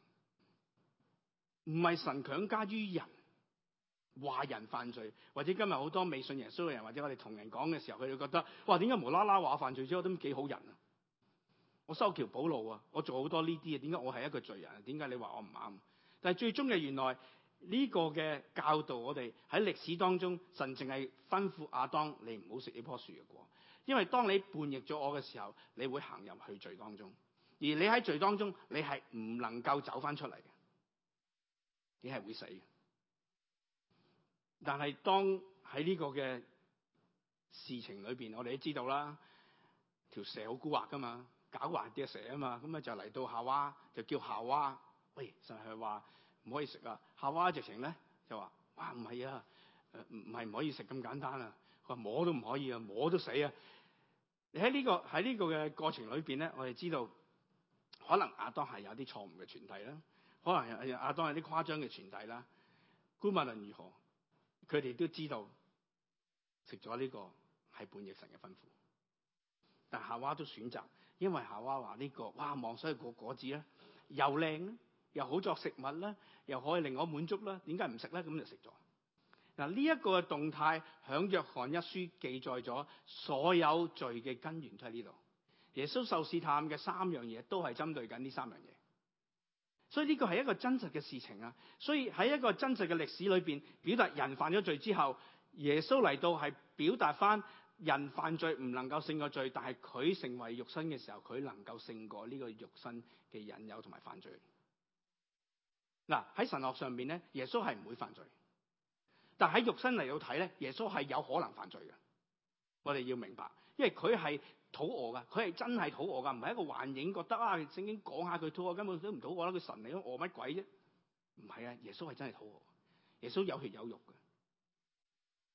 唔係神強加於人話人犯罪，或者今日好多未信耶穌嘅人，或者我哋同人講嘅時候，佢哋覺得：哇，點解無啦啦話犯罪？我都幾好人啊！我修橋補路啊，我做好多呢啲啊，點解我係一個罪人啊？點解你話我唔啱？但係最終嘅原來呢個嘅教導我們，我哋喺歷史當中，神淨係吩咐亞當，你唔好食呢棵樹嘅果，因為當你叛逆咗我嘅時候，你會行入去罪當中。而你喺罪當中，你係唔能夠走返出嚟嘅，你係會死嘅。但係當喺呢個嘅事情裏邊，我哋都知道啦，條蛇好蠱惑噶嘛，狡猾啲嘅蛇啊嘛，咁咧就嚟到夏娃，就叫夏娃，喂，就係話唔可以食啊。夏娃直情咧就話，哇，唔係啊，唔係唔可以食咁簡單啊，佢話摸都唔可以啊，摸都死啊。你喺呢個喺呢個嘅過程裏邊咧，我哋知道。可能亞當係有啲錯誤嘅傳遞啦，可能亞當有啲誇張嘅傳遞啦。姑勿論如何，佢哋都知道食咗呢個係叛逆神嘅吩咐。但夏娃都選擇，因為夏娃話呢、這個哇望所以個果子咧又靚又好作食物咧，又可以令我滿足啦。點解唔食咧？咁就食咗。嗱呢一個嘅動態響約翰一書記載咗所有罪嘅根源都喺呢度。耶穌受試探嘅三樣嘢都係針對緊呢三樣嘢，所以呢個係一個真實嘅事情啊！所以喺一個真實嘅歷史裏邊，表達人犯咗罪之後，耶穌嚟到係表達翻人犯罪唔能夠勝過罪，但係佢成為肉身嘅時候，佢能夠勝過呢個肉身嘅引誘同埋犯罪。嗱喺神學上面咧，耶穌係唔會犯罪，但喺肉身嚟到睇咧，耶穌係有可能犯罪嘅。我哋要明白，因為佢係。肚餓噶，佢係真係肚餓噶，唔係一個幻影，覺得啊，聖經講下佢肚餓，根本都唔肚餓啦，佢神嚟咯，餓乜鬼啫？唔係啊，耶穌係真係肚餓，耶穌有血有肉嘅，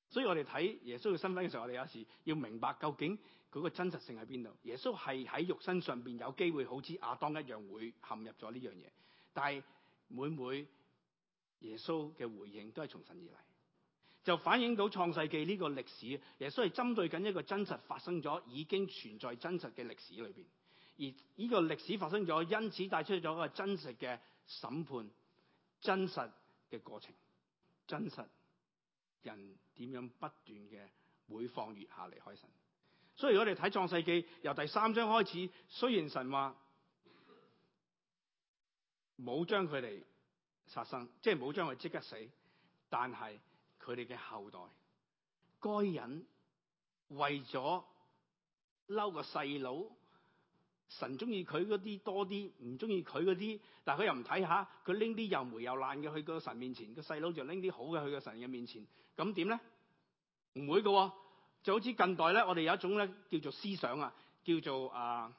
所以我哋睇耶穌嘅身份嘅時候，我哋有時要明白究竟佢個真實性喺邊度。耶穌係喺肉身上邊有機會好似阿當一樣會陷入咗呢樣嘢，但係每每耶穌嘅回應都係從神而嚟。就反映到《創世記》呢個歷史，亦所以針對緊一個真實發生咗、已經存在真實嘅歷史裏面，而呢個歷史發生咗，因此帶出咗一個真實嘅審判、真實嘅過程、真實人點樣不斷嘅每況愈下離開神。所以，我哋睇《創世記》由第三章開始，雖然神話冇將佢哋殺生，即係冇將佢即刻死，但係。佢哋嘅後代，該隱為咗嬲個細佬，神中意佢嗰啲多啲，唔中意佢嗰啲，但係佢又唔睇下，佢拎啲又霉又爛嘅去個神面前，個細佬就拎啲好嘅去個神嘅面前，咁點咧？唔會嘅哦，就好似近代咧，我哋有一種咧叫做思想啊，叫做啊。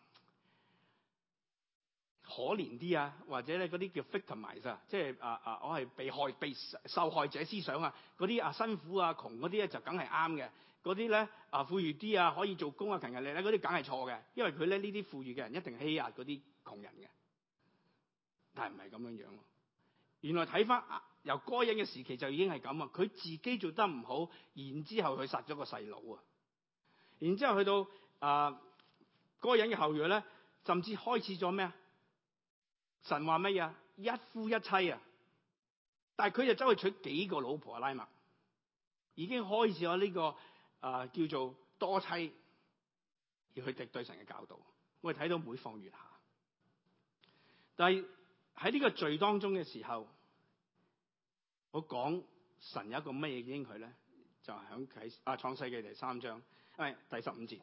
可憐啲啊，或者咧啲叫 victimize，即係啊啊，我係被害被受害者思想啊。啲啊辛苦啊窮啲咧就梗係啱嘅。啲咧啊富裕啲啊可以做工啊勤勤力力啲梗係錯嘅，因為佢咧呢啲富裕嘅人一定欺壓啲窮人嘅。但係唔係咁樣樣喎？原來睇翻由該隱嘅時期就已經係咁啊！佢自己做得唔好，然之後佢殺咗個細佬啊！然之後去到啊該、呃該隱嘅後裔咧，甚至開始咗咩啊？神話乜嘢？一夫一妻啊，但係佢就走去娶幾個老婆拉麥，已經開始咗呢、這個啊、呃、叫做多妻，要去敵對神嘅教導。我哋睇到每況愈下。但係喺呢個罪當中嘅時候，我講神有一個乜嘢應許咧？就響喺啊創世記第三章，係、哎、第十五節，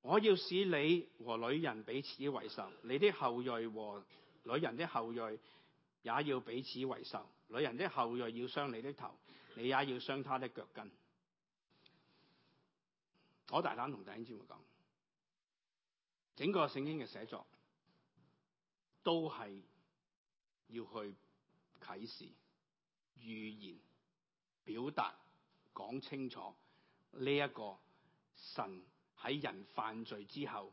我要使你和女人彼此為仇，你啲後裔和女人的後裔也要彼此為仇，女人的後裔要傷你的頭，你也要傷她的腳跟。我大膽同弟兄姊妹講，整個聖經嘅寫作都係要去啟示、預言、表達、講清楚呢一個神喺人犯罪之後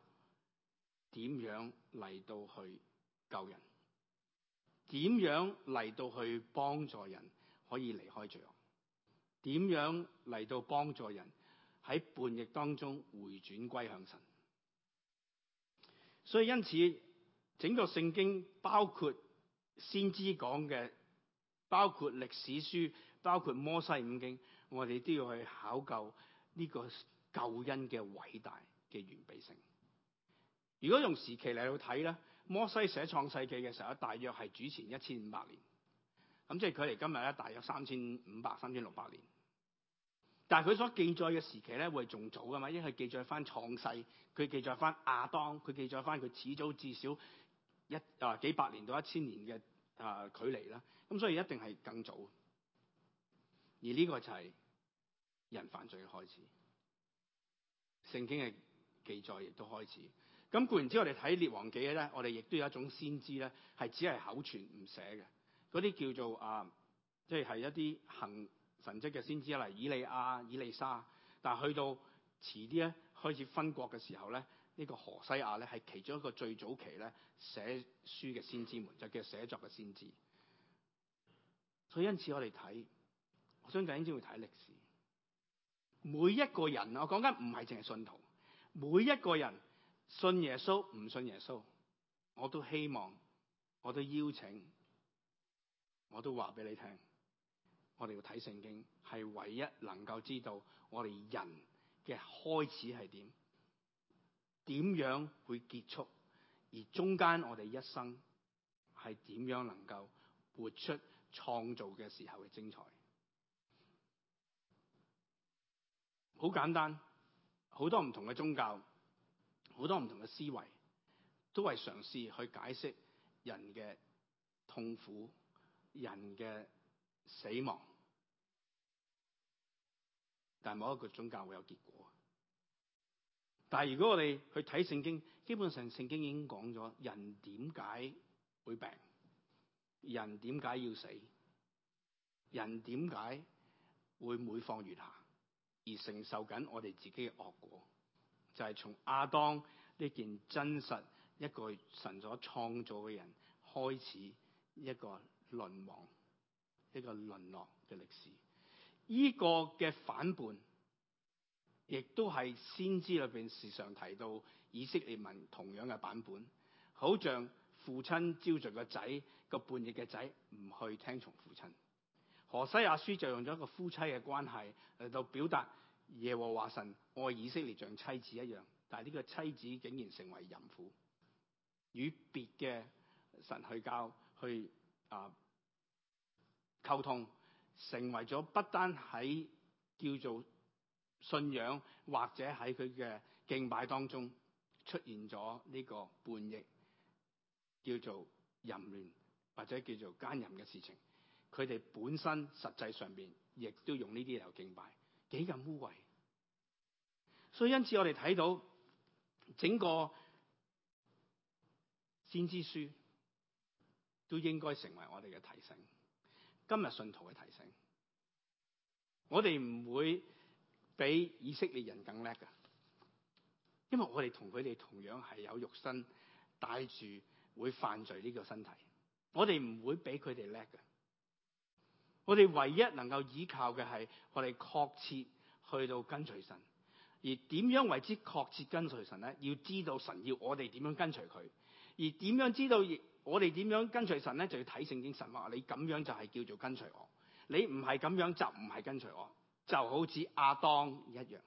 點樣嚟到去。救人，點樣嚟到去幫助人可以離開罪惡？點樣嚟到幫助人喺叛逆當中回轉歸向神？所以因此，整個聖經包括先知講嘅，包括歷史書，包括摩西五經，我哋都要去考究呢個救恩嘅偉大嘅完備性。如果用時期嚟到睇咧。摩西寫創世記嘅時候，大約係主前一千五百年，咁即係佢離今日咧大約三千五百、三千六百年。但係佢所記載嘅時期咧，會係仲早㗎嘛？因為佢記載翻創世，佢記載翻亞當，佢記載翻佢始早至少一啊幾百年到一千年嘅啊距離啦。咁所以一定係更早。而呢個就係人犯罪嘅開始，聖經嘅記載亦都開始。咁、嗯、固然之，我哋睇《列王紀》咧，我哋亦都有一種先知咧，係只係口傳唔寫嘅嗰啲叫做啊，即係係一啲行神跡嘅先知啊，例如，以利亞、以利沙。但係去到遲啲咧，開始分國嘅時候咧，呢、這個何西阿咧係其中一個最早期咧寫書嘅先知們，就叫寫作嘅先知。所以因此我，我哋睇，我想緊先要睇歷史。每一個人，啊，我講緊唔係淨係信徒，每一個人。信耶穌，唔信耶穌，我都希望，我都邀請，我都話俾你聽。我哋要睇聖經，係唯一能夠知道我哋人嘅開始係點，點樣會結束，而中間我哋一生係點樣能夠活出創造嘅時候嘅精彩。好簡單，好多唔同嘅宗教。好多唔同嘅思維，都係嘗試去解釋人嘅痛苦、人嘅死亡，但係冇一個宗教會有結果。但係如果我哋去睇聖經，基本上聖經已經講咗人點解會病，人點解要死，人點解會每況愈下，而承受緊我哋自己嘅惡果。就係從亞當呢件真實一個神所創造嘅人開始一個淪亡、一個淪落嘅歷史。呢、這個嘅反叛，亦都係先知裏面時常提到以色列民同樣嘅版本，好像父親招著個仔，個叛逆嘅仔唔去聽從父親。何西阿書就用咗一個夫妻嘅關係嚟到表達。耶和華神愛以色列像妻子一樣，但係呢個妻子竟然成為淫婦，與別嘅神去交去啊溝通，成為咗不單喺叫做信仰或者喺佢嘅敬拜當中出現咗呢個叛逆，叫做淫亂或者叫做奸淫嘅事情。佢哋本身實際上面亦都用呢啲嚟敬拜。幾咁污穢，所以因此我哋睇到整個先知書都應該成為我哋嘅提醒，今日信徒嘅提醒。我哋唔會比以色列人更叻噶，因為我哋同佢哋同樣係有肉身，帶住會犯罪呢個身體，我哋唔會比佢哋叻噶。我哋唯一能夠依靠嘅係我哋確切去到跟隨神，而點樣為之確切跟隨神咧？要知道神要我哋點樣跟隨佢，而點樣知道我哋點樣跟隨神咧？就要睇聖經神話，你咁樣就係叫做跟隨我，你唔係咁樣就唔係跟隨我，就好似亞當一樣，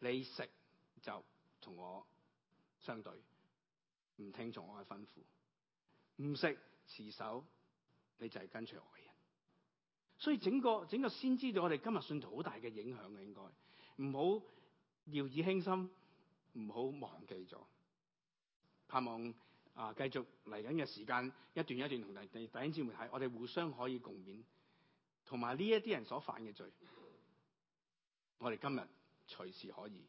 你食就同我相對，唔聽從我嘅吩咐，唔食持守，你就係跟隨我。所以整個整個先知對我哋今日信徒好大嘅影響嘅，應該唔好掉以輕心，唔好忘記咗。盼望啊，繼續嚟緊嘅時間一段一段同弟兄姊妹睇，我哋互相可以共勉，同埋呢一啲人所犯嘅罪，我哋今日隨時可以，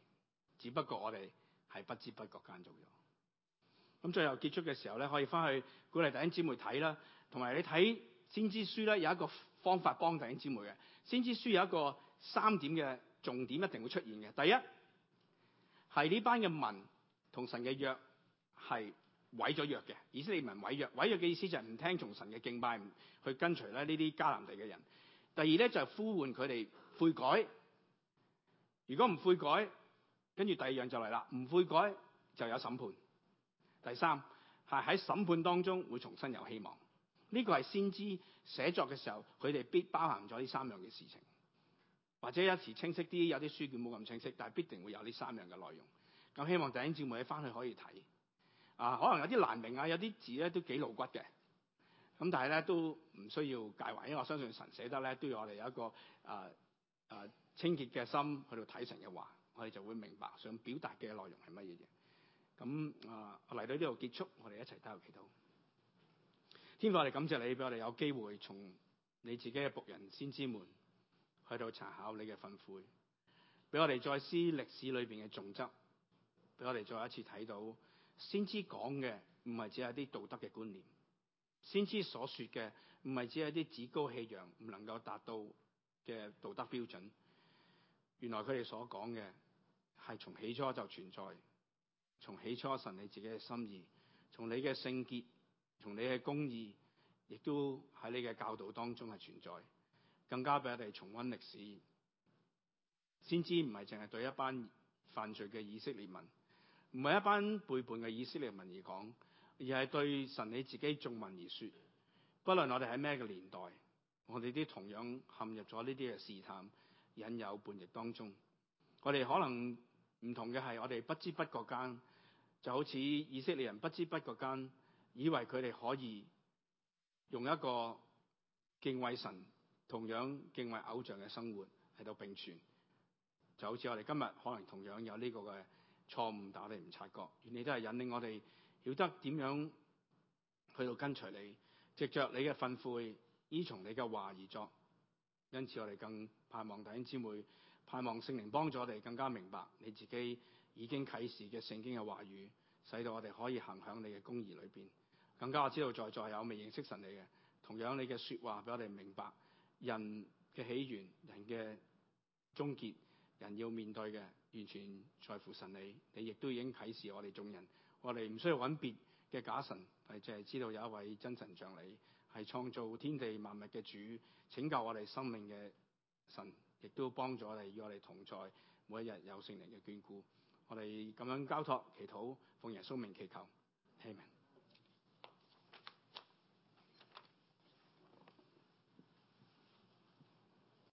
只不過我哋係不知不覺間做咗。咁最後結束嘅時候咧，可以翻去鼓勵弟兄姊妹睇啦，同埋你睇先知書咧有一個。方法幫弟兄姊妹嘅，先知書有一個三點嘅重點，一定會出現嘅。第一係呢班嘅民同神嘅約係毀咗約嘅，以色列民毀約。毀約嘅意思就係唔聽從神嘅敬拜，去跟隨咧呢啲迦南地嘅人。第二咧就係呼喚佢哋悔改，如果唔悔改，跟住第二樣就嚟啦，唔悔改就有審判。第三係喺審判當中會重新有希望。呢個係先知寫作嘅時候，佢哋必包含咗呢三樣嘅事情，或者有時清晰啲，有啲書卷冇咁清晰，但係必定會有呢三樣嘅內容。咁希望弟兄姊妹翻去可以睇，啊，可能有啲難明啊，有啲字咧都幾露骨嘅，咁但係咧都唔需要介懷，因為我相信神寫得咧，都要我哋有一個啊啊、呃呃、清潔嘅心去到睇神嘅話，我哋就會明白想表達嘅內容係乜嘢嘢。咁啊嚟到呢度結束，我哋一齊踏入祈禱。天父我哋感謝你，俾我哋有機會從你自己嘅僕人先知們去到查考你嘅訓誨，俾我哋再思歷史裏邊嘅重則，俾我哋再一次睇到先知講嘅唔係只係啲道德嘅觀念，先知所說嘅唔係只係啲趾高氣揚唔能夠達到嘅道德標準，原來佢哋所講嘅係從起初就存在，從起初神你自己嘅心意，從你嘅聖潔同你嘅公義，亦都喺你嘅教導當中係存在，更加俾我哋重温歷史，先知唔係淨係對一班犯罪嘅以色列民，唔係一班背叛嘅以色列民而講，而係對神你自己眾民而説。不論我哋喺咩嘅年代，我哋啲同樣陷入咗呢啲嘅試探、引誘、叛逆當中。我哋可能唔同嘅係，我哋不知不覺間就好似以色列人不知不覺間。以為佢哋可以用一個敬畏神、同樣敬畏偶像嘅生活喺度並存，就好似我哋今日可能同樣有呢個嘅錯誤，但係唔察覺，願你都係引領我哋曉得點樣去到跟隨你，藉著你嘅訓誨依從你嘅話而作。因此我哋更盼望弟兄姊妹，盼望聖靈幫助我哋更加明白你自己已經啟示嘅聖經嘅話語，使到我哋可以行響你嘅公義裏邊。更加我知道在座有未認識神你嘅，同樣你嘅說話俾我哋明白人嘅起源、人嘅終結，人要面對嘅，完全在乎神你。你亦都已經啟示我哋眾人，我哋唔需要揾別嘅假神，係就係、是、知道有一位真神像你，係創造天地萬物嘅主，拯救我哋生命嘅神，亦都幫助我哋與我哋同在，每一日有聖靈嘅眷顧，我哋咁樣交託祈禱，奉耶穌名祈求，阿門。